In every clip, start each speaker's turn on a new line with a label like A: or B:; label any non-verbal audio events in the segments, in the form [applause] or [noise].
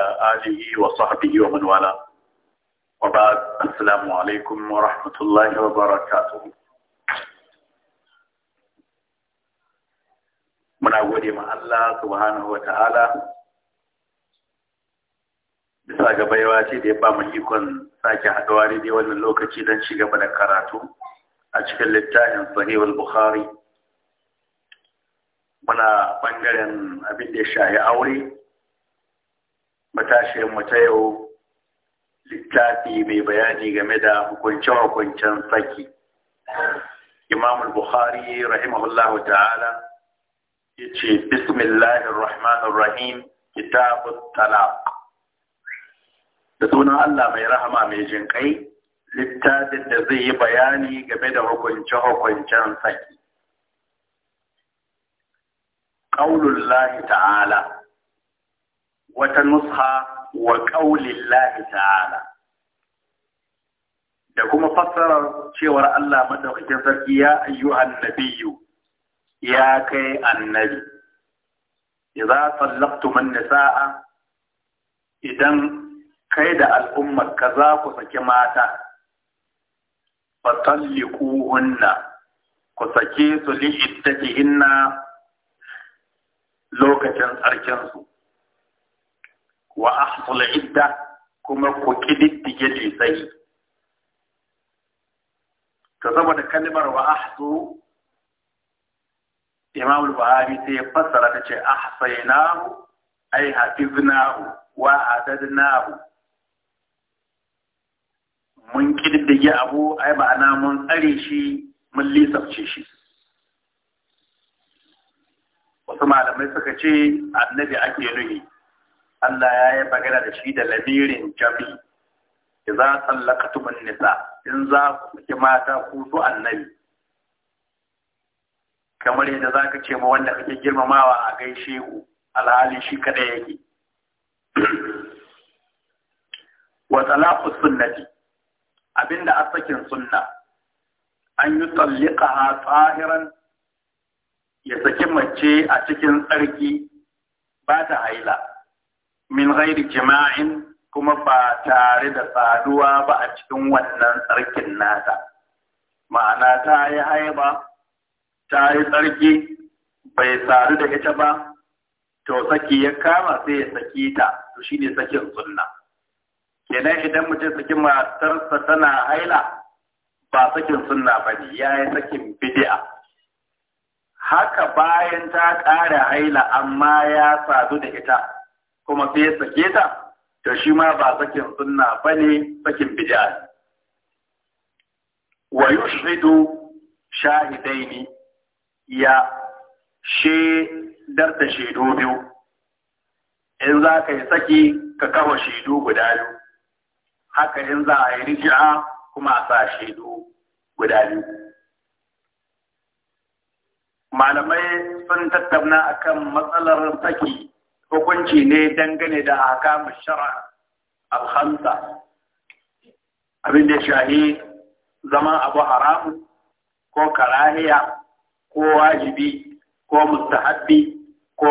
A: وعلى آله وصحبه ومن والاه وبعد السلام عليكم ورحمة الله وبركاته muna gode ma Allah subhanahu wa bisa gaba baiwa ce da ya ba mu ikon sake haɗuwa dai wannan lokaci don ci gaba da karatu a cikin littafin sahihul bukhari muna ɓangaren abin da ya shahi aure matashiyar mu ta yau littafi mai bayani game da hukunce-hukuncen saki imam bukhari rahimahullah ta'ala ya ce bismillahir rahmanir rahim talaq da sunan Allah mai rahama mai jin kai littafin da zai yi bayani game da hukunce-hukuncen saki Ƙaunullahi ta'ala wata nusha wa ƙaunin ta'ala da kuma fassarar cewar Allah maɗaukakin sarki ya ayyu annabiyu ya kai annabi idza nisaa idan kai da al'ummar ka za ku saki mata fatalliquhunna ku sake su li lokacin lokacin tsarkinsu wa ahsul idda kuma ku kididdige Ka to saboda kalmar wa ahsu imam al-bahari sai ya fassara ta ce ahsaynahu ay hafiznahu wa adadnahu mun kididdige abu ai ma'ana mun tsare shi mun lisafce shi wasu malamai suka ce annabi ake nuni Allah ya yi magana da shi da lamirin jami za idza tumin nisa in za ku saki mata ku su annabi kamar yadda za ka ce ma wanda kake girmamawa a gaishe ku alhali shi kaɗai yake wa talaqu sunnati abinda asakin sunna an yi ha tsahiran ya saki mace a cikin tsarki ba ta haila min ghairi jima'in kuma ba tare da saduwa ba a cikin wannan tsarkin nata ma'ana ta yi haiba ta yi tsarki bai sadu da ita ba to saki ya kama sai ya saki ta to shine sakin sunna kenan idan mutum saki matarsa tana haila ba sakin sunna ba ne ya yi sakin bidi'a haka bayan ta ƙara haila amma ya sadu da ita kuma sai ya sake ta to shi ma ba sakin sunna bane sakin bid'a wa yushhidu shahidaini ya she ta shaidu biyu in za ka yi saki ka kawo shaidu guda biyu haka in za a yi riji'a kuma a sa shaidu guda biyu malamai sun tattauna akan matsalar saki hukunci ne dangane da ahkamu shara alhamsa abin da shahi zama abu haramu ko karahiya ko wajibi ko mustahabbi ko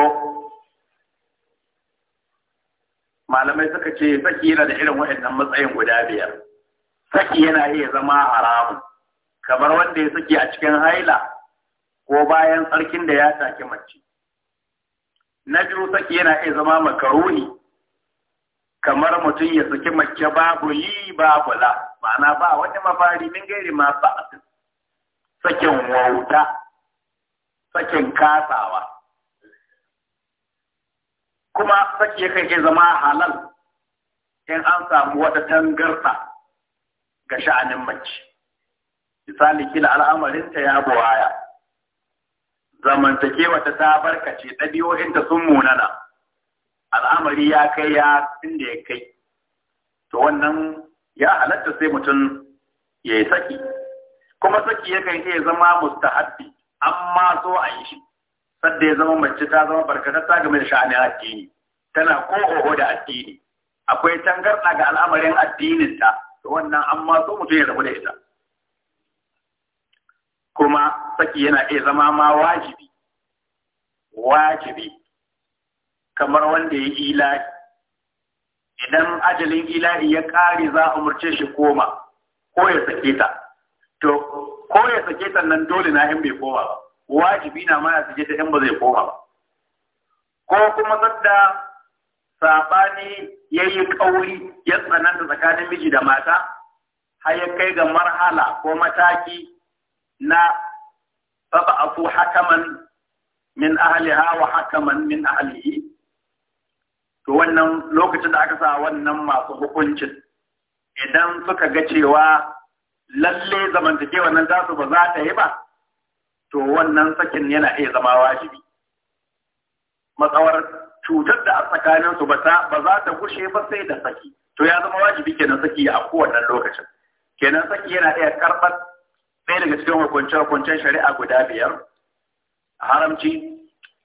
A: malamai suka ce saki yana da irin waɗannan matsayin guda biyar saki yana iya zama haramu kamar wanda ya saki a cikin haila ko bayan tsarkin da ya take mace na biyu saki yana iya zama makaroni kamar mutum ya saki mace babu yi babu la ma'ana ba wani mafari min gairi ma ba sakin wauta sakin kasawa kuma saki ya kai zama halal in an samu wata tangarta ga sha'anin mace misali kila al'amarinta ya buwaya zamantakewa ta ta barkace ɗabi'o'in ta sun munana al'amari ya kai ya inda ya kai to wannan ya halatta sai mutum ya yi saki kuma saki yakan iya zama mustahabbi amma so a yi shi sadda ya zama mace ta zama barkatatta game da sha'anin addini tana ko oho da addini akwai tangarɗa ga al'amarin addininta to wannan amma so mutum ya rabu da ita kuma saki yana iya zama ma wajibi wajibi kamar wanda ya ilahi idan ajalin ilahi ya kare za a umarce shi koma ko ya sake ta to ko ya sake ta nan dole na in bai koma ba wajibi na ma ya sake ta in ba zai koma ba ko kuma sadda sabani ya yi ƙauri ya tsananta tsakanin miji da mata har ya kai ga marhala ko mataki na faba'afu hakaman min ahliha wa hakaman min ahlihi to wannan lokacin da aka sa wannan masu hukuncin idan suka ga cewa lalle zamantakewa nan su ba za ta yi ba to wannan sakin yana iya zama wajibi matsawar cutar da a tsakanin su ba za ta gushe ba sai da saki to ya zama wajibi kenan saki a kowanne lokacin kenan saki yana iya karbar ɗaya daga cikin hukunce-hukuncen shari'a guda biyar haramci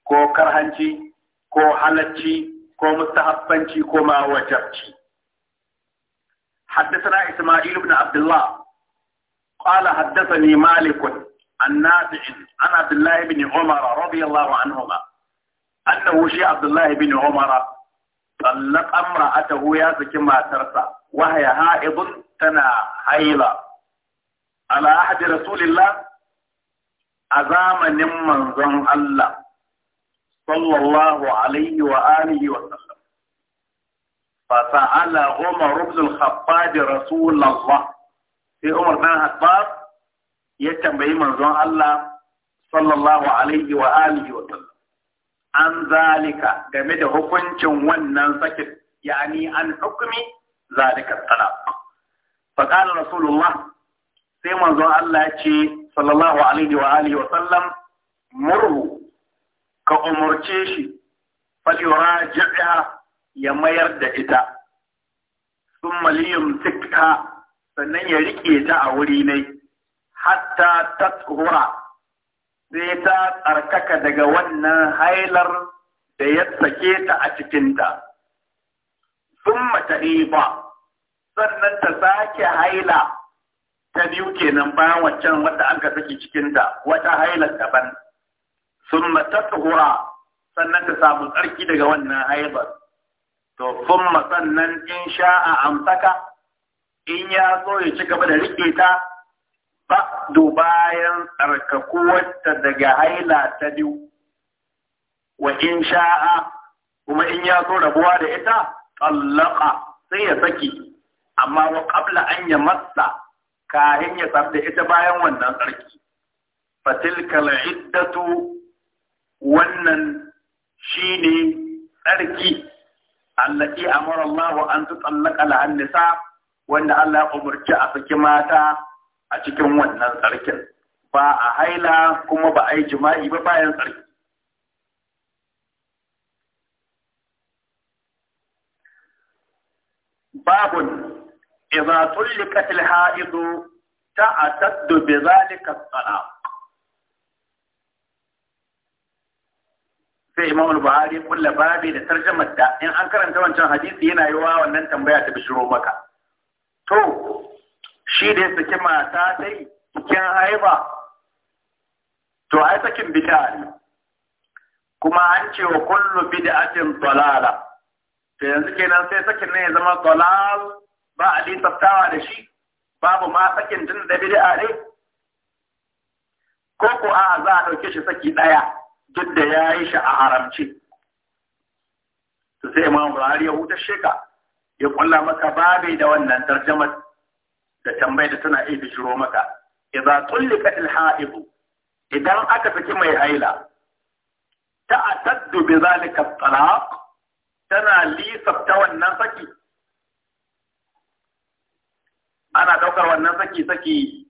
A: ko karhanci ko halacci ko mustahabbanci ko ma wajabci حدثنا إسماعيل بن عبد الله قال حدثني مالك عن نافع عن عبد الله بن عمر رضي الله عنهما أنه شيء عبد الله بن عمر طلق امرأته يا زكي ما ترسى وهي هائض تنا هيلا ala ahdi rasulillah a zamanin manzon Allah sallallahu alaihi wa alihi wa sallam فسأل عمر بن الخطاب رسول الله في عمر بن الخطاب يتنبئي منزون الله صلى الله عليه وآله وسلم عن ذلك جمد حكمت ونن سكت يعني عن حكم ذلك الطلاق فقال رسول الله sai manzon Allah ce sallallahu alaihi wa alihi wa sallam murhu ka umurce shi falyuraji'ha ya mayar da ita thumma liyumsikha sannan ya rike ta a wuri ne hatta tathura sai ta tsarkaka daga wannan hailar da ya sake ta a cikinta thumma ta'iba sannan ta sake haila ta biyu kenan bayan waccan wadda an ka cikin ta wata hailar daban sun matattuhura sannan ta samu tsarki daga wannan haibar to sun sannan in sha'a amsaka in ya so ya ci gaba da riƙe ta ba bayan tsarkakuwarta daga haila ta biyu wa in sha'a kuma in ya so rabuwa da ita tsallaka sai ya saki amma wa ƙabla an ya matsa kahin ya samu da ita bayan wannan tsarki fatilkal iddatu wannan shine tsarki allati amara Allah an su lahan nisa wanda Allah ya umarci a saki mata a cikin wannan tsarkin ba a haila kuma ba a yi jima'i ba bayan tsarki babun إذا طلقت الحائض تعتد بذلك الطلاق في إمام البخاري كل باب لترجمة دا إن أنكر أنت وانشان حديث هنا يوا وأن أنت بشرو مكة تو شيء ده سكما تاتي كان هايبا تو هاي سكين بدال كما أنت وكل بدعة ضلالة فينزل كنا سكين نيزما ضلال ba a lisaftawa da shi babu ma sakin tun da bid'a ne ko ko a za a ɗauke shi saki ɗaya duk da ya yi shi a haramci Su sai imam buhari ya huta sheka ya kulla maka babu-babi da wannan tarjamar da tambayar da tana iya bijiro maka idza tulliqat al idan aka saki mai haila ta'attadu bi zalika talaq tana lisafta wannan saki ana daukar wannan saki saki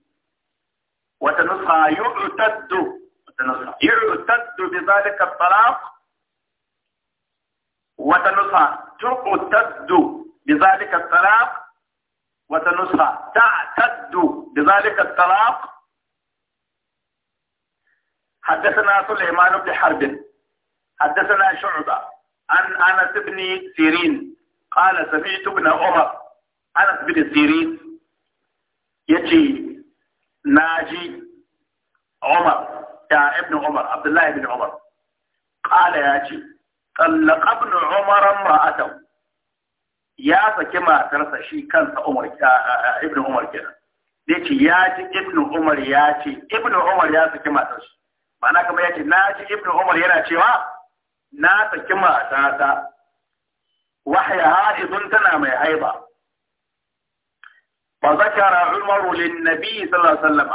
A: wata nusa yu'taddu wata nusa yu'taddu bi zalika talaq wata nusa tu'taddu bi zalika talaq wata nusa ta'taddu bi zalika talaq حدثنا سليمان بن حرب حدثنا شعبة عن أنس بن سيرين قال سمعت ابن عمر أنس بن سيرين yace naji Umar da ibn Umar Abdullahi ibn Umar qala yace طلق ابن عمر امرأته ya saki matarsa shi kansa Umar Ibn Umar kenan zai ya ji Ibn Umar ya ce Ibn Umar ya saki matarsa ma'ana kamar ya ce na ji Ibn Umar yana cewa na saki matata wahya haidun tana mai haiba فذكر عمر للنبي صلى الله عليه وسلم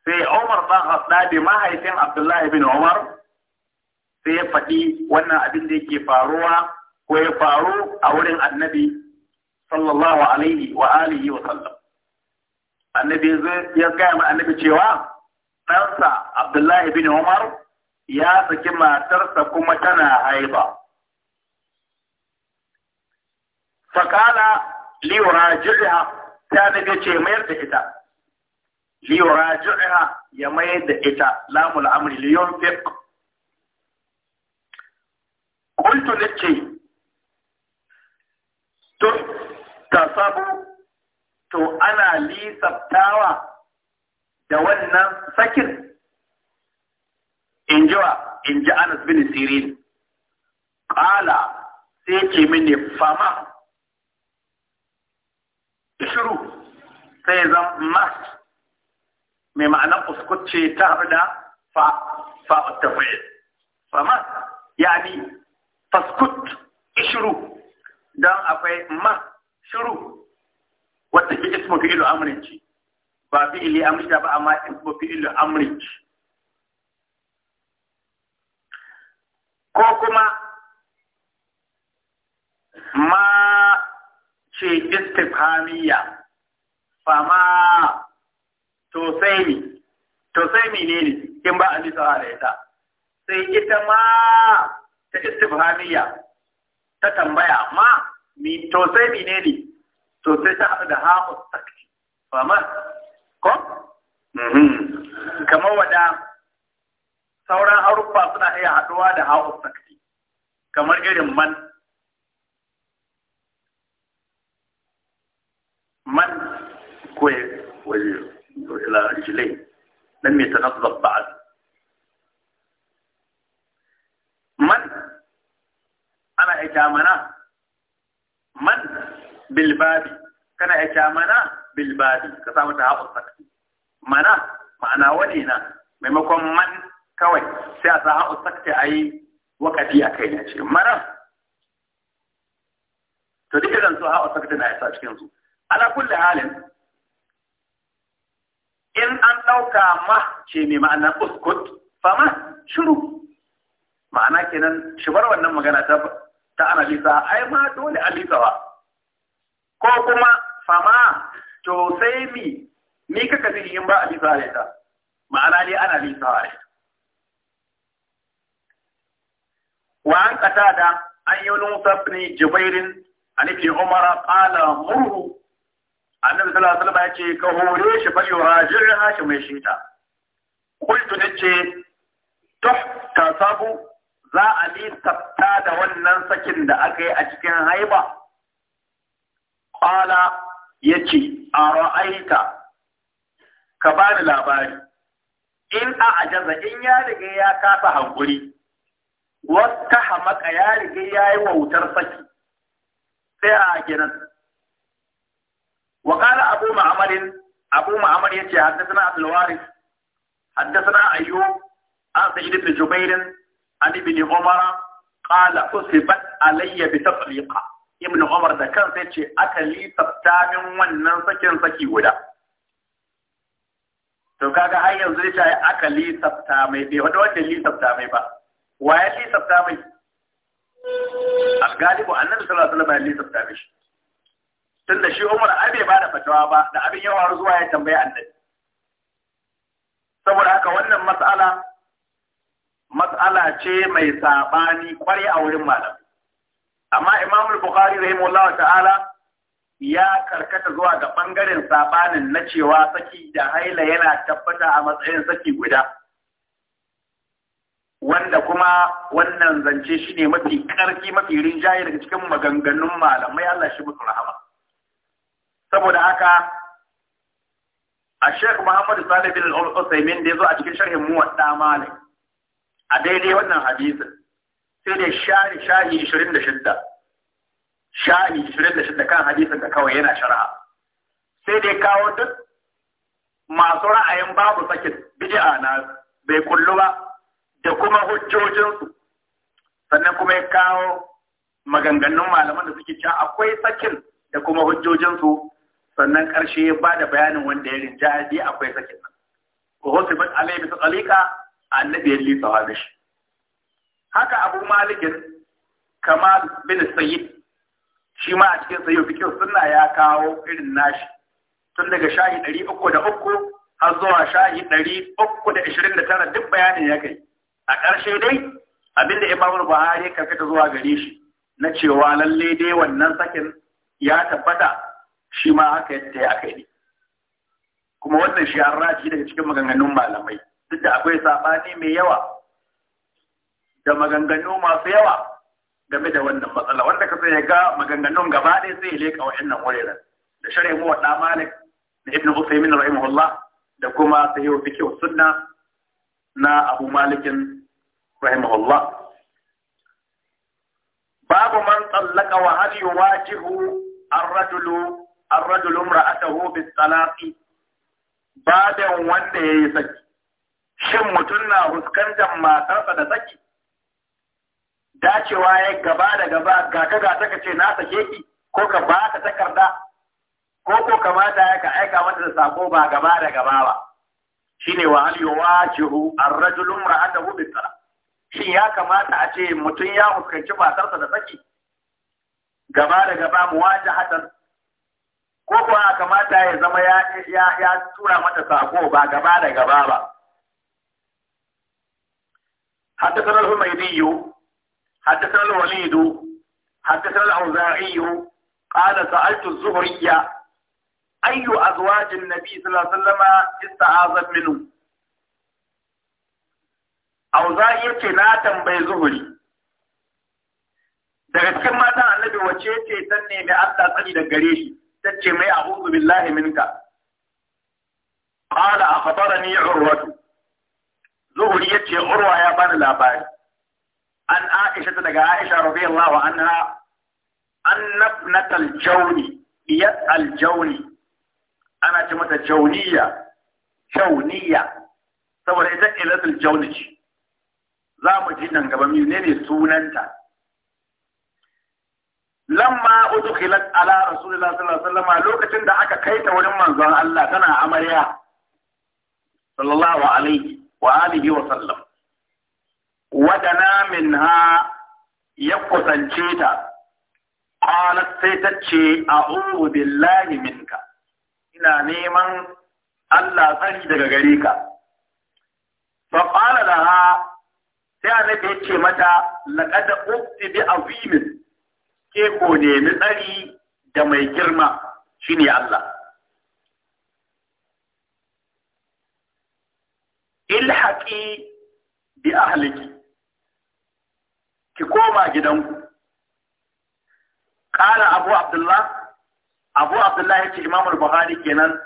A: sai Umar ɗan Hassabi mahaifin Abdullahi bin Umar sai ya faɗi wannan abin da yake faruwa ko ya faru a wurin annabi sallallahu alaihi wa wa sallam. Annabi ya gaya ma annabi cewa ɗansa Abdullahi bin Umar ya saki matarsa kuma tana haiba. Fakala liwara jirya ta daga ce mayar da ita li yuraji'ha ya mayar da ita lamul amri li yunfiq qultu nace to sabu to ana lisaftawa da wannan sakin in ji in ji Anas bin Sirin ƙala sai ce mini fama shiru sai zan must mai ma'ana uskutce ta haɗu da fa fa tafiyar fa must yani faskut shiru don akwai ma shiru wata ke ismu fi ilu amrinci ba fi ili amrinci ba amma ismu fi ilu amrinci ko kuma ma ce istifhamiya fama tosaimi tosaimi ne ne in ba a nisawa da ita sai ita ma ta istifhamiya ta tambaya ma mi tosaimi ne ne to sai ta da ha'u sakti fama ko mm-hmm. kamar wada sauran haruffa suna iya haɗuwa da ha'u sakti kamar irin man من كويس وإلى رجلين لم يتنظف بعد من أنا إجامنا من بالباب كان إجامنا بالباب كتابة هذا التكتير منا معنى ولينا maimakon man kawai sai a sa haɓu sakta a yi wakati a kai ne ce mara to duk irin su haɓu sakta na isa cikin su ala kulli halin in an ɗauka ma ce mai ma'ana uskut fama shiru ma'ana kenan shigar wannan magana ta ta ana ai ma dole a lisawa ko kuma fama to sai mi ni kaka zini in ba a ne ta ma'ana dai ana lisawa da wa an kata da an yi wani musafini jibairin an ibn umara qala murhu annabi sallallahu alaihi wasallam ce ka hore shi fa yurajirha shi mai shita ce nace ta sabu za a litafta da wannan sakin da aka yi a cikin haiba qala yace a ra'aita ka bani labari in a ajaza in ya riga ya kasa hankuri wata hamaka ya riga ya yi wautar saki sai a gidan. وقال أبو معمر أبو معمر يتي حدثنا عبد الوارث حدثنا أيوب عن سعيد بن جبير عن ابن عمر قال أصبت علي بتطليقة ابن عمر ده كان سيتي أكلي تبتامن ونن سكن سكي ودا to kaga har yanzu ya ce aka lisafta mai bai wanda wanda lisafta mai ba wa ya lisafta mai al-galibu annabi sallallahu alaihi wasallam ya mai tunda shi Umar ai bai bada fatawa ba da abin yawa zuwa ya tambayi Annabi saboda haka wannan mas'ala matsala ce mai sabani kwarai a wurin malam amma Imam al-Bukhari rahimahullah ta'ala ya karkata zuwa ga bangaren sabanin na cewa saki da haila yana tabbata a matsayin saki guda wanda kuma wannan zance shine mafi ƙarfi mafi rinjaye daga cikin maganganun malamai Allah shi musu rahama saboda haka a Sheikh Muhammad Salih bin Al-Utsaimin da zo a cikin sharhin Muwadda Malik a daidai wannan hadisin sai da shari shahi 26 da 26 kan hadisin da kawai yana sharha sai dai kawo duk masu ra'ayin babu sakin bid'a na bai kullu ba da kuma hujjojinsu sannan kuma ya kawo maganganun malaman da suke cewa akwai sakin da kuma hujjojinsu sannan ƙarshe ya ba da bayanin wanda ya rinja akwai sakin nan ko bin alai bisa tsalika annabi ya litsawa da shi haka abu malikin kamal bin sayi shi ma a cikin sayo bikin suna ya kawo irin nashi tun daga shahi ɗari uku da uku har zuwa shahi ɗari uku da ishirin da tara duk bayanin ya kai a ƙarshe dai abinda imamul buhari ya karkata zuwa gare shi na cewa lalle dai wannan sakin ya tabbata shi ma haka yadda ya kai yi kuma wannan shi an raji daga cikin maganganun malamai duk da akwai sabani mai yawa da maganganu masu yawa game da wannan matsala wanda ka sai ya ga maganganun gaba ɗaya sai ya leƙa wa'annan wuraren da shari'a mu wadda malik da ibn usaymin rahimahullah da kuma sahihu fiqh sunna na abu malikin rahimahullah babu man tsallaka wa hal yuwajihu ar الرجل امرأته بالطلاق badan wanda ya yi saki shin mutum na fuskantar matarsa da saki dacewa ya gaba da gaba ga ka ga ka ce na sake ki ko ka ba ta takarda ko ko kamata ya ka aika mata da sako ba gaba da gaba ba shine wa hal yuwajihu ar-rajulu imra'atahu bi talaq shin ya kamata a ce mutum ya fuskanci matarsa da saki gaba da gaba muwajahatan ko kuwa kamata ya zama ya tura mata sako ba gaba da gaba ba حدثنا الحميدي حدثنا الوليد حدثنا الأوزاعي قال سألت الزهري أي أزواج النبي صلى الله عليه وسلم استعاذت منه Auza'i ya ce na tambayi zuhuri daga cikin matan annabi wace ce ta mai Allah tsari da gare shi tace mai a'udhu billahi minka qala akhbarani urwatu zuhri yace urwa ya bani labari an aisha daga aisha radiyallahu anha annabnat al-jawni ya al-jawni ana ce mata jawniya jawniya saboda ita ilatul jawni ce za mu ji nan gaba menene sunanta lamma udkhilat ala rasulillahi sallallahu alaihi wasallam lokacin da aka kaita ta wurin manzon Allah tana amarya sallallahu alaihi wa alihi wa sallam wadana minha ya kusance ta qalat sai ta ce a'udhu billahi minka ina neman Allah tsari daga gare ka fa qala laha sai annabi ya ce mata laqad ubti bi azimin ke ko nemi tsari da mai girma shine Allah. Ilhaƙi bi ahliki ki koma gidanku. Ƙara Abu Abdullah, Abu Abdullah ya ce imamul Buhari kenan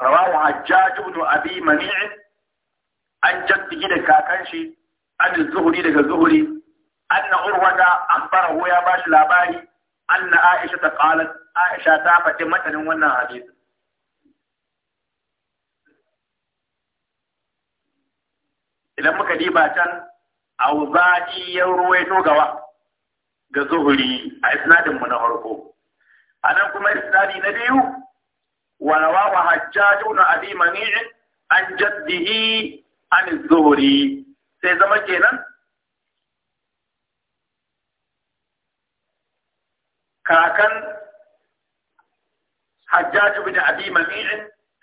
A: rawar hajjaju ibn abi mani'in an jaddi da kakan an zuhuri daga zuhuri anna urwata akhbarahu ya bashi labari anna aisha ta qalat aisha ta faɗi matanin wannan hadisi idan muka diba can auza'i ya ruwaito gawa ga zuhuri a isnadin mu na farko anan kuma isnadi na biyu wa rawahu hajjaj ibn abi mani' an jaddihi an zuhuri sai zama kenan kakan hajjaju bin abi mami'in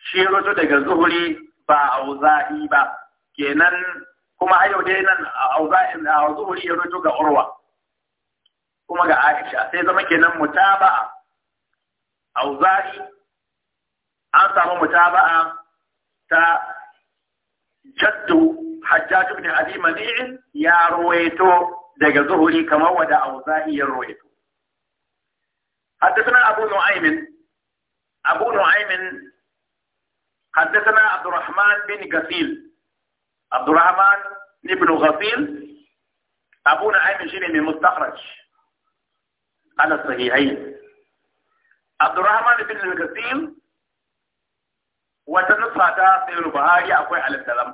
A: shi roto daga zuhuri ba a auza'i ba kenan kuma har yau dai nan auza'in a zuhuri ya roto ga urwa kuma ga aisha sai zama kenan mutaba'a auza'i an samu mutaba'a ta jaddu hajjaju bin abi mami'in ya ruwaito daga zuhuri kamar wada auza'i ya ruwaito حدثنا أبو نعيم أبو نعيم حدثنا عبد الرحمن بن غفيل عبد الرحمن بن غفيل أبو نعيم جيني من مستخرج على الصحيحين عبد الرحمن بن غسيل وتنصى في البهاري أقوى على السلام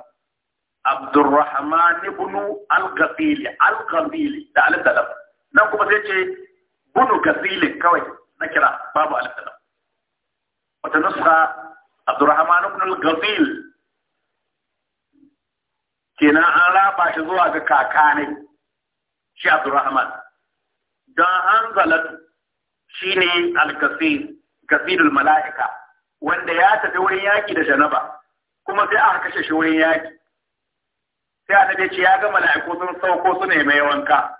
A: عبد الرحمن بن الغفيل الغسيل ده على السلام نقوم بسيتي بنو غسيل كويس Na kira babu alif wata nuska Abdurrahman ibn al-Ghazil kenan an raba shi zuwa ga kakanai shi Abdurrahman don hanzalat shi ne al-kasir mala'ika wanda ya tafi wurin yaki da janaba kuma sai aka kashe shi wurin yaki sai annabi ce ya ga mala'iku sun sauko su ne mai wanka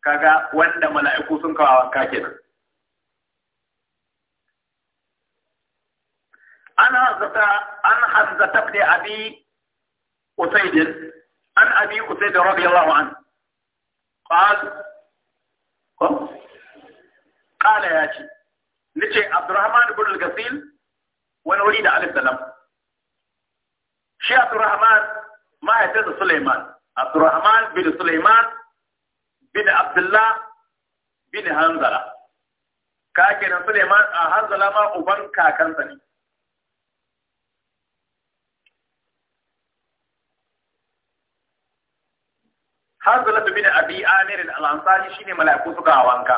A: kaga wanda mala'iku sun kawo wanka kenan an hazata an hazata ibn abi usayd an abi usayd radiyallahu anhu qal qala ya ce nace abdurrahman ibn al-gasil wani wuri da alif salam shi abdurrahman mahaifinsa suleiman abdurrahman bin suleiman bin abdullah bin hanzala ka kenan suleiman a hanzala ma uban kakansa ne hanzala bin abi amir al-ansari shine mala'iku suka wanka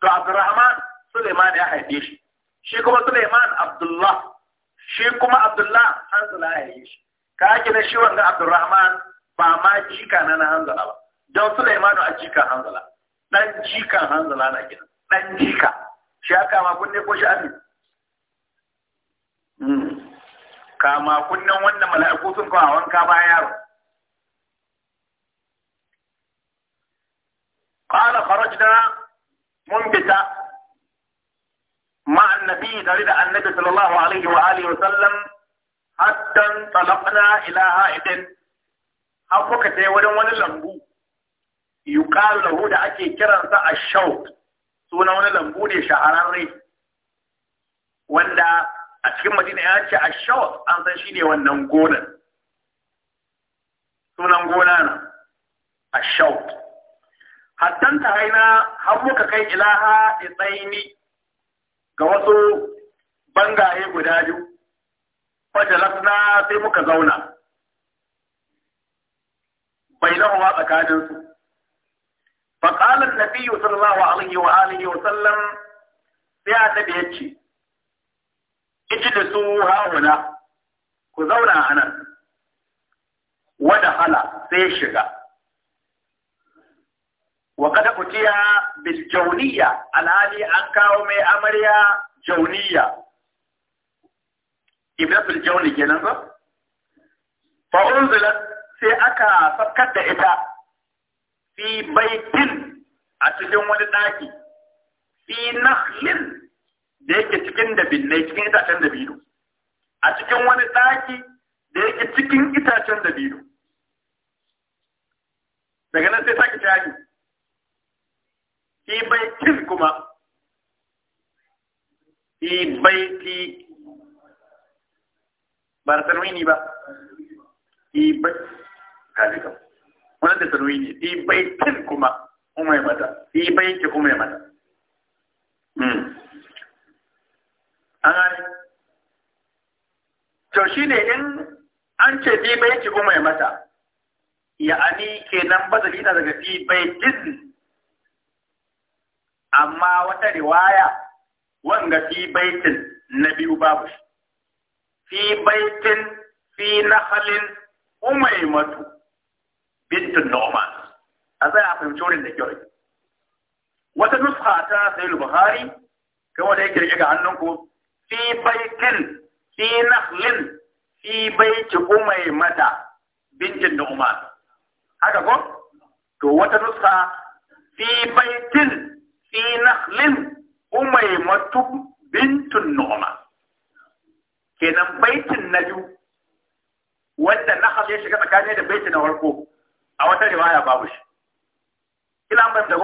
A: to abdurrahman suleiman ya haife shi shi kuma suleiman abdullah shi kuma abdullah hanzala ya haife shi ka ake na shi wanga abdurrahman ba ma jika na na hanzala ba don suleiman a jikan hanzala dan jikan hanzala na gina dan jika shi aka ma kunne ko shi abi hmm. kama kunnen wannan mala'iku sun kawo wanka ba yaro qala kharajna mun fita مع النبي تريد النبي صلى الله عليه وآله وسلم حتى انطلقنا إلى هائد أو كتي ولن ولن لمبو يقال له دا أكي كرن الشوط سونا ولن لمبو دي شعراري وندا أتكلم مدينة أنت الشوط أنت شيني ونن قولا سونا قولا الشوط hattan ta haina har muka kai ilaha tsaini ga wasu bangaye guda biyu fajalasna sai muka zauna Bai bainahuwa tsakaninsu فقال النبي صلى الله عليه وآله وسلم يا نبي يجي اجلسوا ها هنا كزونا أنا ودخل shiga. wa kada utiya bil jauniya alhali an kawo mai amarya jauniya ibnatul jauni kenan ba fa unzilat sai aka sakkar da ita fi baitin a cikin wani daki fi nahlin da yake cikin da dabinai cikin itacen da dabino a cikin wani daki da yake cikin itacen da dabino daga nan sai sake tashi bai kin kuma fi bai ba da tanwini ba ki bai kaji kam wannan da tanwini bai kin kuma kuma ya mata bai ki kuma ya mata an gane to shine in an ce bai ki kuma ya mata ya'ani kenan bazali na daga bai kin? amma wata riwaya wanga fi baitin na biyu babu shi fi baitin fi nahalin umaymatu bintun noma. a zai a fahimci wurin da kyau wata nuska ta sai buhari kai wanda yake rike ga hannunku fi baitin fi nahlin fi baiti umaymata bintun noma. haka ko to wata nuska fi baitin fi nakhlin umaymatu bintun nu'ma kenan baitin na wanda na ya shiga tsakanin da baitin na farko a wata riwaya babu shi ina ban da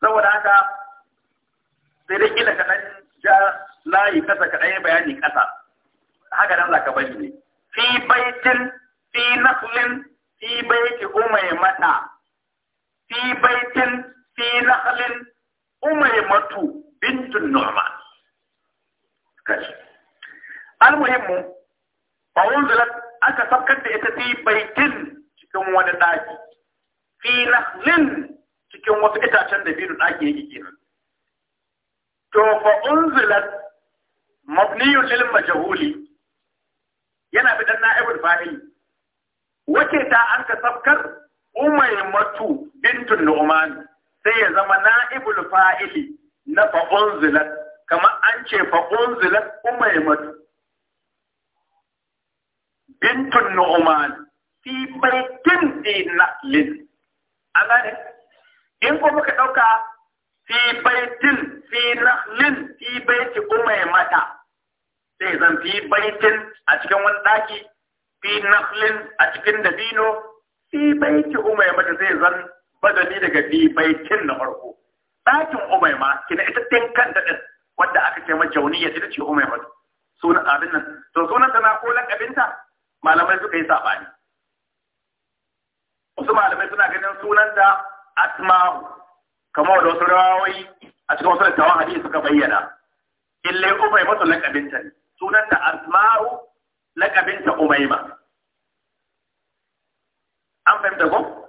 A: saboda haka sai dai kila kaɗan ja layi kasa kaɗan bayani kasa haka dan za ka ne fi baitin fi naslin fi baiti mata, fi baitin fi nahlin umaymatu bintun nu'man kashi almuhimmu fa unzilat aka sabkar ita fi baitin cikin wani daki fi cikin wasu itacen da biyu daki yake kenan to fa unzilat mabniyun lil majhuli yana bidan na'ibul fa'il wace ta an ka sabkar umaymatu bintun sai ya zama na'ibul fa'ili na fa'un zilat kamar an ce fa'un zilat umaymatu bintun nu'man fi baitin dinalin an gane in ko muka dauka fi baitin fi nahlin fi baiti mata. sai zan fi baitin a cikin wani daki fi nahlin a cikin dabino fi baiti umaymata sai zan badali daga bai baitin na farko ɗakin umaima kina ita ɗin da ɗin wadda aka ce mata jauniya ita ce umaima sunan abin nan to sunan ta na ko lakabinta malamai suka yi ne. wasu malamai suna ganin sunanta asma'u kamar da wasu rawayi a cikin wasu dattawan hadisi suka bayyana illai umaima su lakabinta ne sunan sunanta asma'u lakabinta umaima an fahimta ko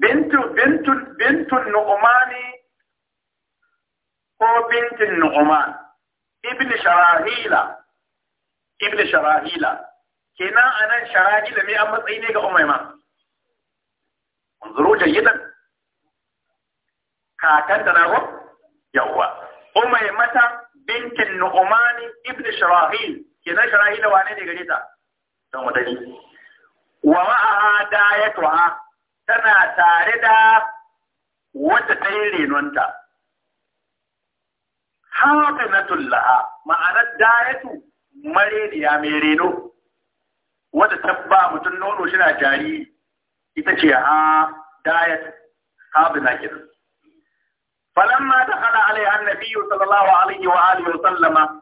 A: بنت بنت بنت النعمان هو بنت النعمان ابن شراهيلا ابن شراهيلا كنا أنا شراهيلا مي أما تيني كأميما انظروا جيدا كاكن تناغو يوا أميمة بنت النعمان ابن شراهيل كنا شراهيلا واني دي غريتا نعم، ومعها دايتها tana tare da wata ta yi renonta. na tullaha, ma'anar dayatu mareniya mai reno, wata tabba mutum nono shi na jari ita ce ha dayatu, hafina ta فلما دخل عليها sallallahu alaihi wa عليه wa Sallama,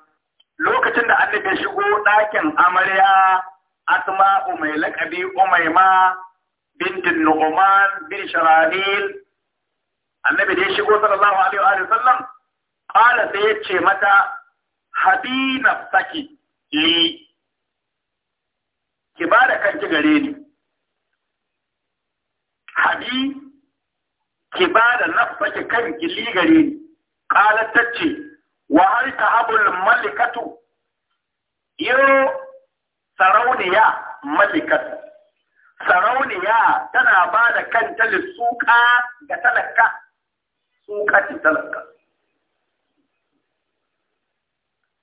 A: lokacin da annabi shigo ɗakin amarya asma'u mai laƙabi umaima bintin Nu'man bin Sharahil annabi da ya shigo sallallahu alaihi wa sallam qala sai ya ce mata habi nafsaki li ki ba da kanki gare ni habi ki da nafsaki kanki li gare ni qala tace wa hal tahabul malikatu yo sarauniya malikatu sarauniya tana ba da kanta suka ga talaka suka ce talaka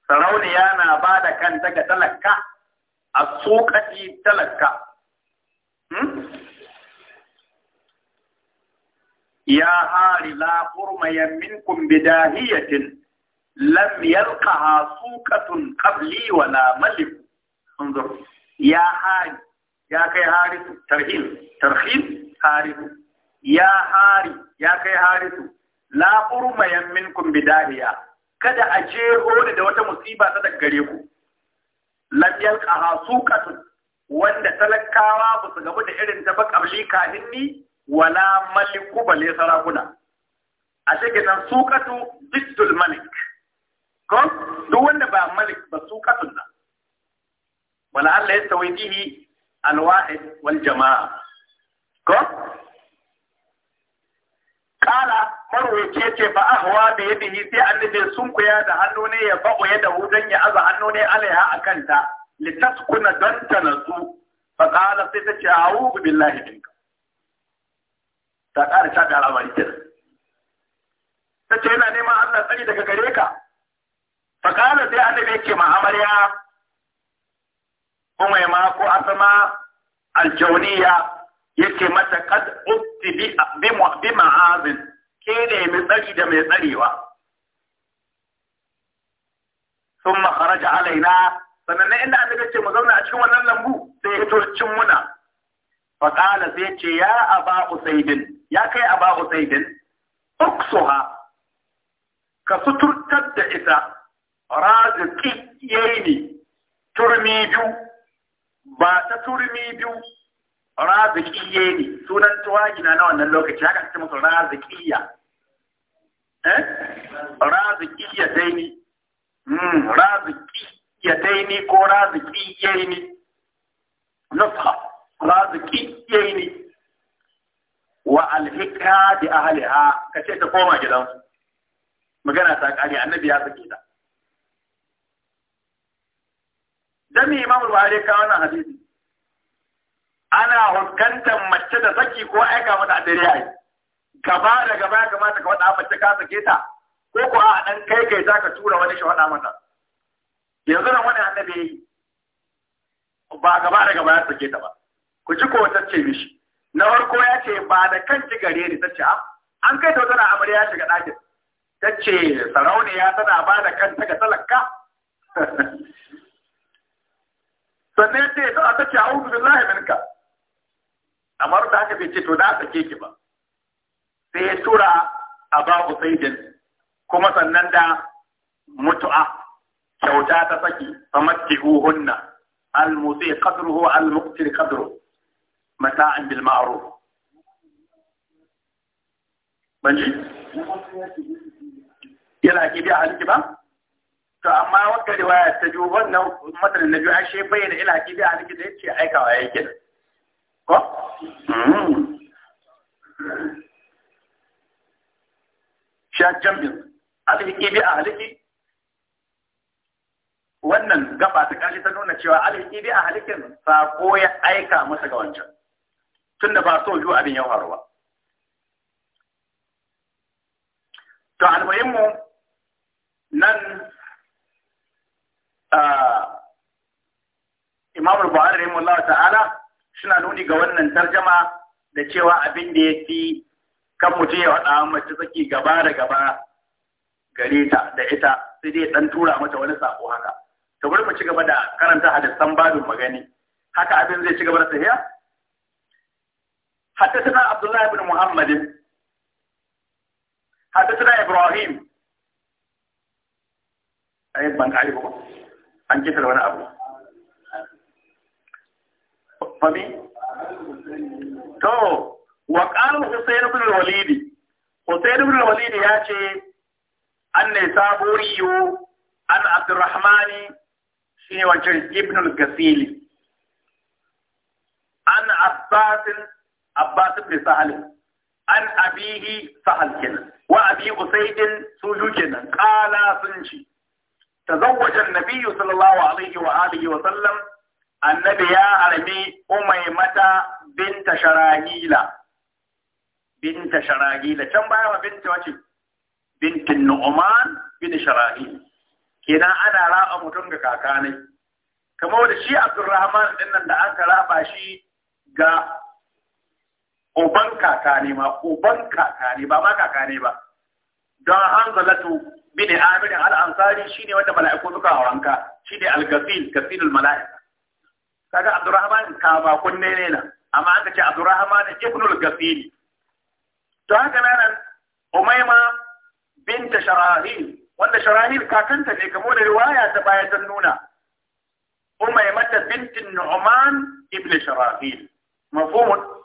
A: sarauniya na ba da kanta ga talaka a suka sukati talaka hmm? ya hari la hurmayan minkum bidahiyatin lam yalqaha suqatun qabli wala malik انظر يا حاج ya kai harisu tarhim tarhim harisu ya hari ya kai harisu la urma yamminkum bidariya kada a jeho da wata musiba ta daga gare ku lam yalqaha suqatun wanda talakawa ba su gabu da irin ta ba kabli kahinni wala maliku bale sarakuna a cikin nan suqatu biddul malik ko duk wanda ba malik ba suqatun nan wala Allah ya tawajihi alwahid wal jama'a ko kala marwaci yace fa ahwa bi yadihi sai annabi sun kuya da hannu ne ya fa'u ya dahu dan ya aza hannu ne alaiha akan ta litaskuna dan ta nasu fa kala sai ta ce a'udhu billahi minka ta kara ta da al'amari ta ce yana neman Allah tsari daga gare ka fa kala sai annabi yake ma amarya umaima ko asama aljauniya yace mata kad utti bi bi ma'azin ke ne mai tsari da mai tsarewa thumma kharaja alaina sannan na inda annabi ce mu zauna a cikin wannan lambu sai ya fito cin muna fa sai ce ya aba usaidin ya kai aba usaidin uksuha ka suturtar da ita raziki yayi turmi biyu ba ta turmi biyu razikiye ne sunan tuwagina na wannan lokaci haka ta musu razikiya eh razikiya dai ne mm razikiya dai ne ko razikiye ne nusha razikiye ne wa alhika da ahliha kace ta koma gidansu magana ta kare annabi ya sake ta dan imam al buhari ka wannan hadisi ana huskantar mace da saki ko aika mata dare ai gaba da gaba ya kamata ka faɗa mace ka sake ta ko ko a dan kai kai za ka tura wani shi wada mata yanzu nan wani annabi ba gaba da gaba ya sake ta ba ku ji ko ta ce mishi na farko ya ce ba da kanki gare ni ta ce ah, an kai ta wata na amarya shiga ɗakin ta ce sarauniya tana ba da kanta ga talaka [laughs] فنيتي فاتك اعوذ بالله منك امر ذاك في في سورة أبا قصيد كما سننا متعة شوتا تسكي فمتعوهن المسيء قدره المقتل قدره متاع بالمعروف بنجي يلا كيبي عليك بقى to amma wata riwaya ta biyu wannan matsalin na biyu a shi bayyana ila kibi a likita ya ce aikawa ya yi ko hmm. sha jambin alhiki bi ahliki wannan gaba ta kashi ta nuna cewa alhiki bi ahlikin sako ya aika masa ga wancan tunda ba so ju abin yau haruwa to almuhimmu nan Imam Buhari rahimu Allah ta'ala suna nuni ga wannan tarjama da cewa abin da ya fi kan mutum ya faɗa mace tsaki gaba da gaba gare ta da ita sai dai dan tura mata wani sako haka to bari mu ci gaba da karanta hadisan babin magani haka abin zai ci gaba da tafiya حدثنا عبد الله بن محمد Ibrahim ابراهيم اي بن علي بن an kisar wani abu fami to wa qala husayn ibn al-walid ibn al ya ce an ne saburiyu an abdurrahman shine wancan ibn al-gasili an abbas abbas ibn sahal an abihi sahal kenan wa abi usayd suju kenan qala sun ci. تزوج النبي صلى الله عليه وآله وسلم النبي يا أرمي أميمة بنت شراهيل بنت شراهيل كم بقى بنت وجه بنت النعمان بن شراهيل كنا أنا راء متنك كاكاني كما هو الشيء عبد الرحمن إن أنت راء باشي ga uban kakane ma uban kakane ba ma kakane ba don hanzalatu bin Amir al-Ansari ne wanda mala'iku suka hawanka shine al-Ghafil gasilul mala'ika kaga Abdurrahman ka ba kunne ne nan amma aka ce Abdurrahman ibnul Ghafil to haka nan Umayma binta Sharahil wanda Sharahil kakanta ne kamar da riwaya ta baya ta nuna ta bintin Nu'man ibn Sharahil mafhum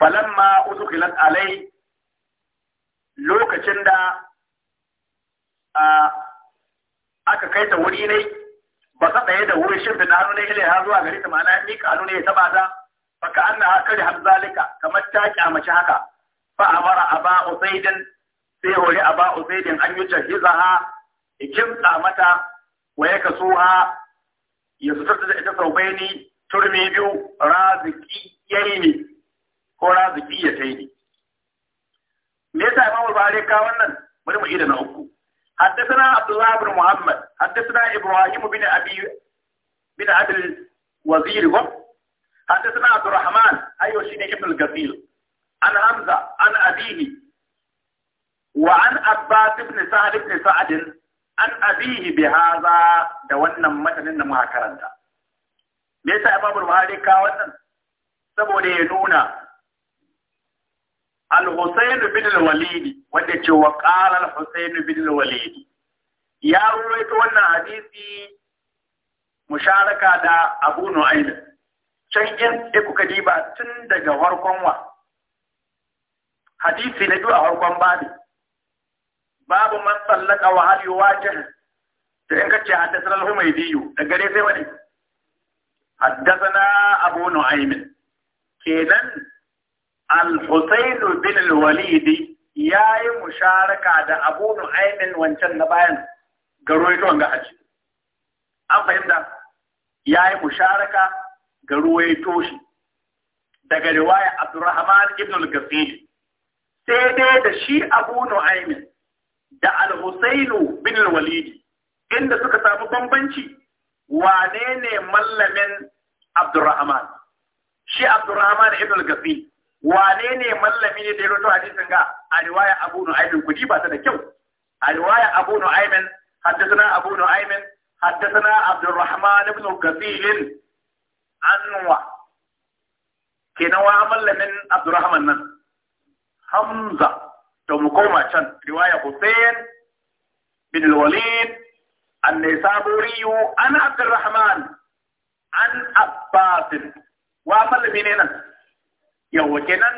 A: falamma udkhilat alai lokacin da aka kai ta wuri ne ba sa tsaye da wuri shi na hannu ne ile zuwa gari ta ma'ana ni kanu ne ya taba ta baka anna haka da zalika kamar ta kyamaci haka fa amara aba usaidin sai hori aba usaidin an yi ha ikin mata wa ya ha, ya sutar da ita sau bai ni turmi biyu raziki yayi ne ko ya ta yi me yasa imam bukhari ka wannan bari mu ida na uku حدثنا Muhammad. الله بن محمد حدثنا ابراهيم بن ابي بن عبد الوزير حدثنا عبد الرحمن ايوه شيخ ابن الكثير عن حمزه عن ابيه وعن عباس بن سعد بن سعد an abihi bi haza da wannan matanin da muka karanta me yasa Imam Bukhari ka wannan saboda ya nuna al-Husayn bin al-Walid wanda ce wa qala al-Husayn bin al-Walid ya ruwaito wannan hadisi musharaka da Abu Nu'aym can in da kuka diba tun daga farkon wa hadisi na biyu a farkon babi babu man sallaka wa hal yuwajih da in kace haddathana al-Humaydi da gare sai wani haddathana Abu Nu'aym kenan al-husayn bin al-walid yayi musharaka da abu nu'aymin wancan na bayan ga ruwaito ga haji an fahimta yayi musharaka ga ruwaito shi daga riwaya Abdurrahman ibn al-Qasir sai dai da shi Abu Nu'aym da AlHusaini husayn bin al inda suka samu bambanci wane ne mallamin Abdurrahman shi ibn wane ne mallami ne da ya rawaito hadisin ga a riwaya Abu Nu'aymin kudi ba ta da kyau a riwaya Abu Nu'aymin haddathana Abu Nu'aymin haddathana Abdurrahman ibn Kathir anwa kenan wa mallamin Abdurrahman nan Hamza to mu koma can riwaya Hussein bin al-Walid an-Nisaburi an Abdurrahman an Abbas wa mallami ne nan yawa kenan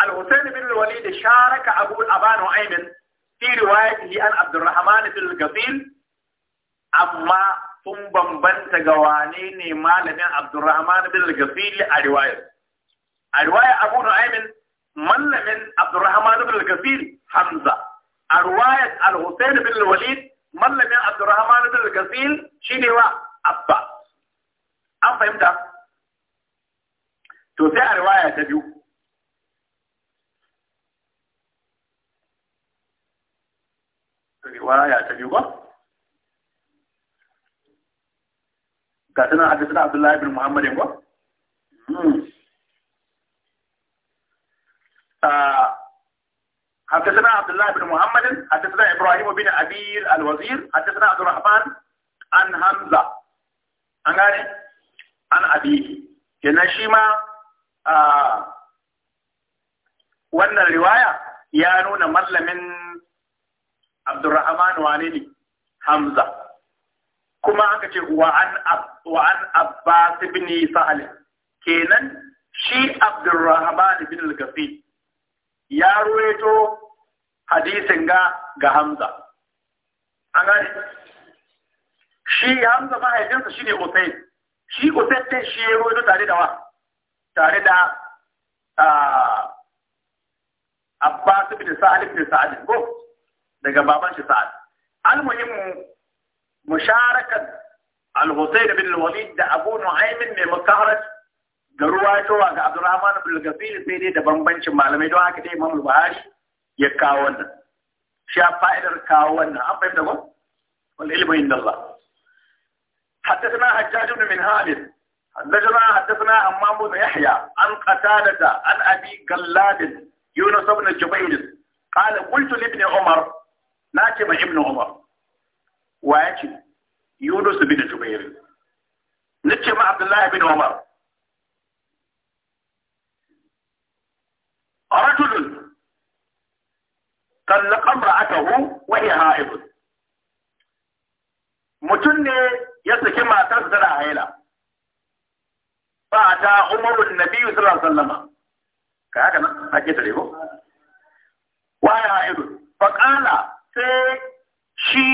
A: al-Husayn bin al-Walid sharaka Abu Aban Ayman fi riwayatihi an Abdurrahman bin al-Ghafil amma sun bambanta ga wane ne malamin Abdurrahman bin al-Ghafil a riwayar a riwayar Abu Nu'aymin mallamin Abdurrahman bin al-Ghafil Hamza a riwayar al-Husayn bin al-Walid mallamin Abdurrahman bin al-Ghafil shine wa Abba an fahimta to sai a riwaya ta biyu riwaya ta biyu ba ga tana hadisuna abdullahi bin muhammadin ba حدثنا عبد الله بن محمد حدثنا إبراهيم بن أبي الوزير حدثنا عبد الرحمن عن حمزه عن عن أبيه كنا شيما a wannan riwaya ya nuna mallamin Abdurrahman wane ne Hamza kuma aka ce wa an wa an Abbas ibn Sahal kenan shi Abdurrahman ibn al kafi ya ruwaito hadisin ga ga Hamza an gane shi Hamza mahaifinsa shine Usayd shi Usayd ne shi ya ruwaito tare da wa tare da Abbas ibn Sa'ad ibn Sa'ad ko daga baban shi Sa'ad almuhimmu musharakat al-Husayn bin Walid da Abu Nu'aym ne makarat da ruwaitowa ga Abdurrahman bin Ghafir sai dai da bambancin malamai don haka dai Imam Buhari ya kawo wannan shi fa'idar kawo wannan an fahimta ko wal ilmu inda Allah حدثنا حجاج بن من هالد حدثنا حدثنا أمام بن يحيى عن قتادة عن أبي جلاد يونس بن جبير قال قلت لابن عمر ناكب ابن عمر واجب يونس بن جبير نتشم عبد الله بن عمر رجل طلق امرأته وهي هائض متن يسكي ما saki matar ba ta umarun nabi sallallahu alaihi wasallam ka haka nan ake tare ko wa ya ido. fa qala sai shi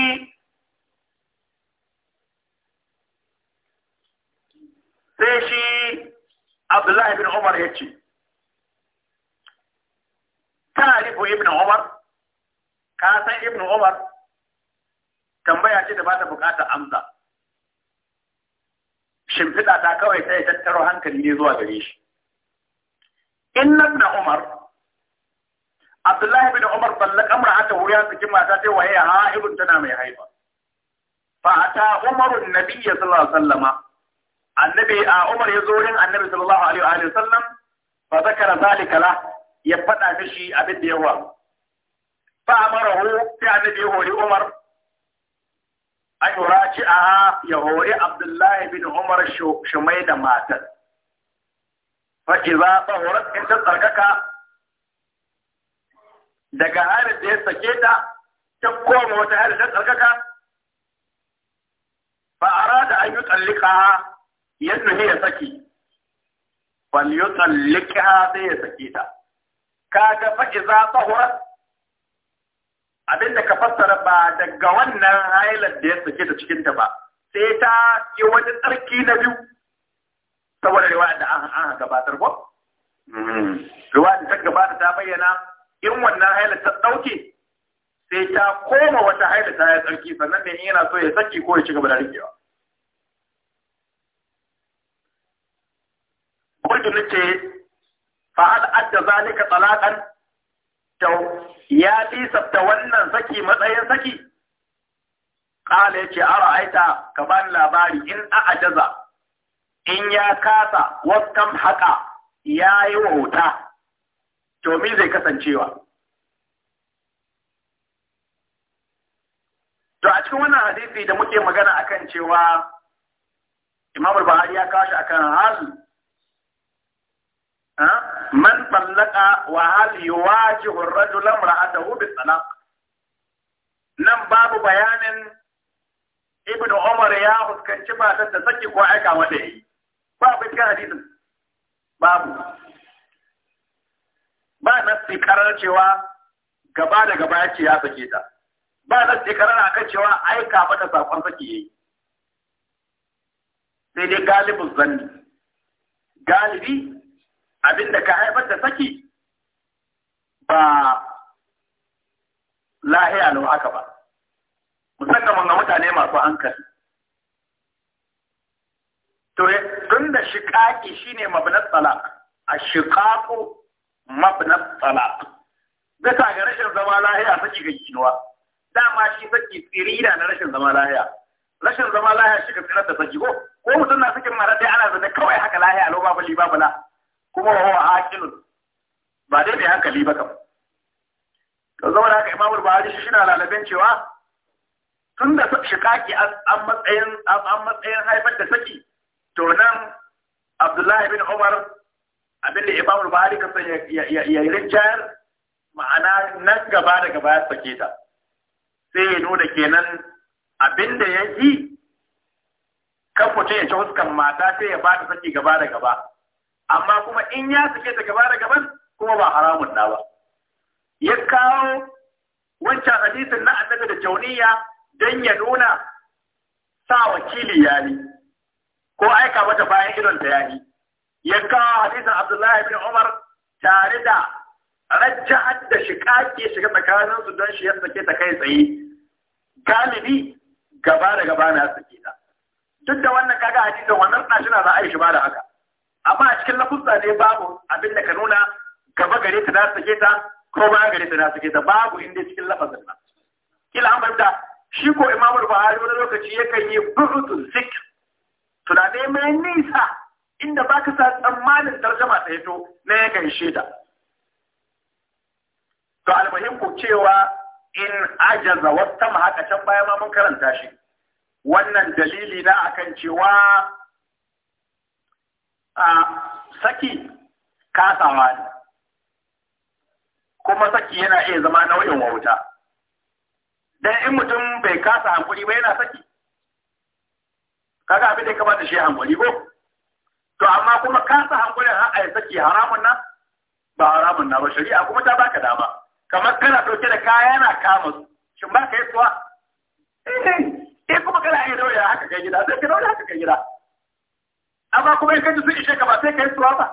A: sai shi Abdullahi bin Umar ya ce tarifu ibn Umar ka san ibn Umar tambaya ce da ba ta bukata amsa shimfiɗa ta kawai sai tattaro hankali ne zuwa gare shi innan na umar abdullahi bin umar balla kamar hata wuriya cikin mata ta waye ha ibn tana mai haifa fa ata umar nabi sallallahu alaihi wasallam annabi a umar yazo wurin annabi sallallahu alaihi wa sallam fa zakara zalika la ya fada mishi abin da yawa fa mara sai annabi ya hori umar an yuraci a ya hori abdullahi bin umar shumai da matar za a tsahorar in ta tsarkaka daga harin da ya sake ta ta koma wata harin ta tsarkaka ba a rada an yi tsallika yadda ne ya saki bal yi tsallika sai ya sake ta kaga a tsahorar abinda ka fassara ba daga wannan hailar da ya sake ta cikin ta ba sai ta yi wani tsarki na biyu saboda riwaya da an an gabatar ko mm-hmm. riwaya da ta gabata ta bayyana in wannan hailar ta tsauke, sai ta koma wata hailar ta yi tsarki sannan da yana so ya saki ko ya ci gaba da rikewa Kultu nace fa'al adda zalika talaqan ya lisafta wannan saki matsayin saki ce yace ara'aita ka bani labari in a a'jaza in ya kasa wastam ya yayi wa wuta, me zai kasancewa to a cikin wannan hadisi da muke magana akan cewa imamul Buhari ya kashi akan hal man tallaka wa hal yuwajihu ar-rajulu imra'atahu bi talaq nan babu bayanin ibn umar ya fuskanci matar da saki ko aika wata yi babu hadisin babu ba nasi karar cewa gaba da gaba ce ya sake ba nasi karar akan cewa aika mata sakon saki yayi sai dai galibin zanni galibi abin da ka haifar da saki ba lahiya nawa haka ba musamman ga mutane masu hankali to tun da shiƙaƙi shine mabnat talaq a shiƙaƙo mabnat talaq bisa ga rashin zama lahiya saki ga kinuwa dama shi saki tsirira na rashin zama lahiya rashin zama lahiya shi ka tsirar da saki ko ko mutum na sakin mara ɗaya ana zane kawai haka lahiya lau babu libabula kuma wa huwa aqilun ba dai mai hankali ba kam Ka zama da haka Imam Buhari shi shina lalaben cewa tun da shikaki an matsayin an matsayin haifar da saki to nan Abdullahi bin Umar abin da Imam Buhari ka san ya yi rinjayar ma'ana nan gaba da gaba ya sake ta sai ya nuna kenan abin da ya yi kan mutum ya ci huskan mata sai ya ba ta saki gaba da gaba amma kuma in ya sake ta gaba da gaban kuma ba haramun na ba ya kawo wancan hadisin na annabi da jauniya dan ya nuna sa wakili yayi ko aika mata bayan idon ta ya yayi ya kawo hadisin Abdullahi bin Umar tare da rajjahar da shiƙaƙi shiga tsakanin su don shi ya sake ta kai tsaye galibi gaba da gaba na sake ta duk da wannan kaga hadisin wannan na na za a yi shi ba da haka amma a cikin lafuzza ne babu abin da ka nuna gaba gare ta na sake ta ko ba gare ta na sake ta babu inda cikin lafazin nan kila amma da shi ko imamul buhari wani lokaci yakan yi buhutun zik tunane mai nisa inda ba ka sa tsammanin tarjama ta hito na ya gaishe ta to almuhim ku cewa in ajaza wata mahaka baya ma mun karanta shi wannan dalili na akan cewa saki kasawa ne kuma saki yana iya zama nau'in wauta dan in mutum bai kasa hankuri ba yana saki kaga abin da ya kamata shi hankuri ko to amma kuma kasa hankuri har a saki haramun nan ba haramun na ba shari'a kuma ta baka dama kamar kana dauke da kaya na kama su shin ba ka yi suwa eh, eh kuma kana iya daure haka kai gida sai ka daure haka kai gida amma kuma in kaji sun ishe ka ba sai ka yi suwa ba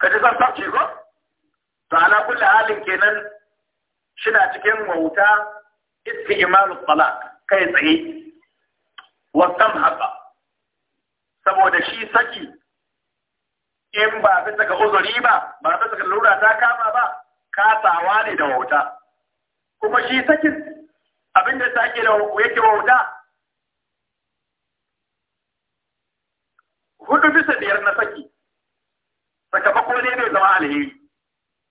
A: ka ji zan tafci ko to ala kulli halin kenan shina cikin wauta imanu tsala kai tsaye wa haka saboda shi saki in ba bisa ga uzuri ba ba bisa ga lura ta kama ba kasawa ne da wauta kuma shi sakin abinda sake da yake wauta hudu bisa biyar na saki sakamako ne bai zama alheri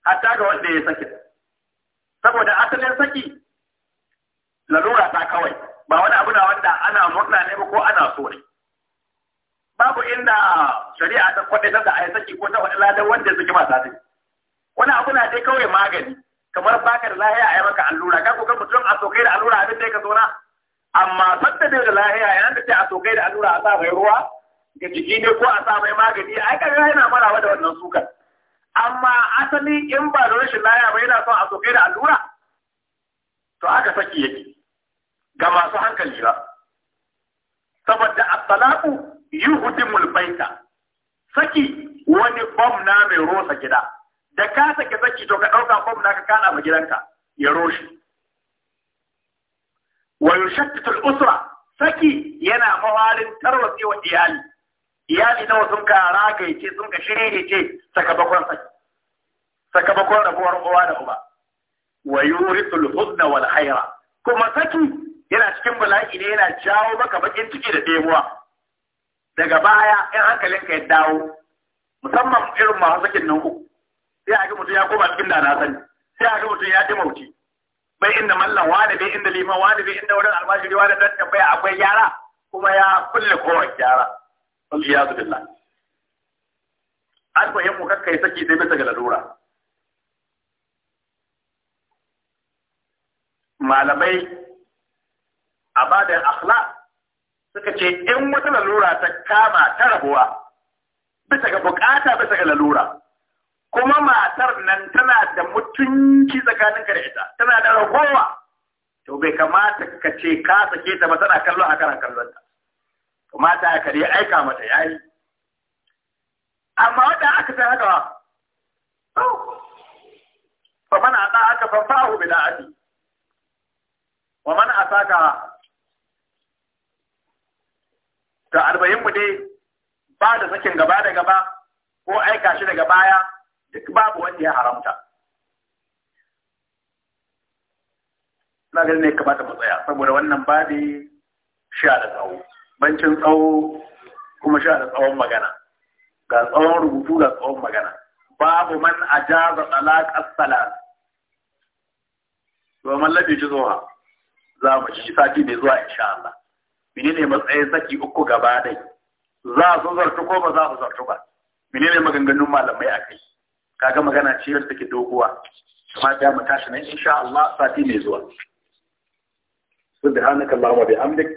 A: hatta ga wanda ya saki saboda asalin saki lalura ta kawai ba wani abu na wanda ana murna ne ko ana so ne babu inda shari'a ta kwadatar da a yi saki ko ta wani ladan wanda suke ba sati wani abu na dai kawai magani kamar baka da lahiya a yi maka allura ka kuka mutum a sokai da allura abin da ya ka zo na amma sadda da lahiya yana da ce a sokai da allura a sa mai ruwa ga jiki ne ko a sa mai magani ai kaga yana marawa da wannan suka amma asali in ba da rashin laya ba yana son a soke da allura to aka saki yake ga masu hankali ba saboda at-talaqu yuhdimul baita saki wani bom na mai rosa gida da ka sake saki to ka ɗauka bom na ka kana ma gidanka ya roshi wa yushattitul usra saki yana mawalin tarwatsewa iyali iyali nawa sun ka ragaice sun ka shirirce sakamakon sakamakon rabuwar uwa da uba wa yurisul hudna wal hayra kuma saki yana cikin bala'i ne yana jawo maka bakin ciki da demuwa daga baya in ka ya dawo musamman irin masu sakin nan uku sai a ga mutum ya koma cikin da na sani sai a ga mutum ya ji mauki bai inda mallan wani bai inda liman wani bai inda wurin almajiri wani dan tambaya akwai yara kuma ya kulle kowace yara wal iyadu billah an fahimmu kakkai saki sai bisa ga lalura malamai a bada akhlaq in wata lalura ta kama ta rabuwa bisa ga bukata bisa ga lalura kuma matar nan tana da mutunci tsakaninka da ita tana da ragowa to bai kamata ka ce ka sake ta ba tana kallon a karan kallon ta mata aka dai aika mata yayi amma wanda aka san haka wa oh, man ata aka fa fa'u bi da'ati wa man asaka ta arba'in mu dai ba da sakin gaba da gaba ko aika shi daga baya duk babu wanda ya haramta na ganin ne kamata mu tsaya saboda wannan babi sha da tsawo bancin tsawo kuma sha da tsawon magana ga tsawon rubutu ga tsawon magana babu man ajaza talaqas salat to mallabi ji zuwa za mu ci sati mai zuwa insha Allah menene matsayin saki uku gaba dai za su zartu ko ba za su zartu ba menene maganganun malamai akai kaga magana ce wadda take doguwa kuma ta mu tashi nan insha Allah sati mai zuwa allahumma bihamdika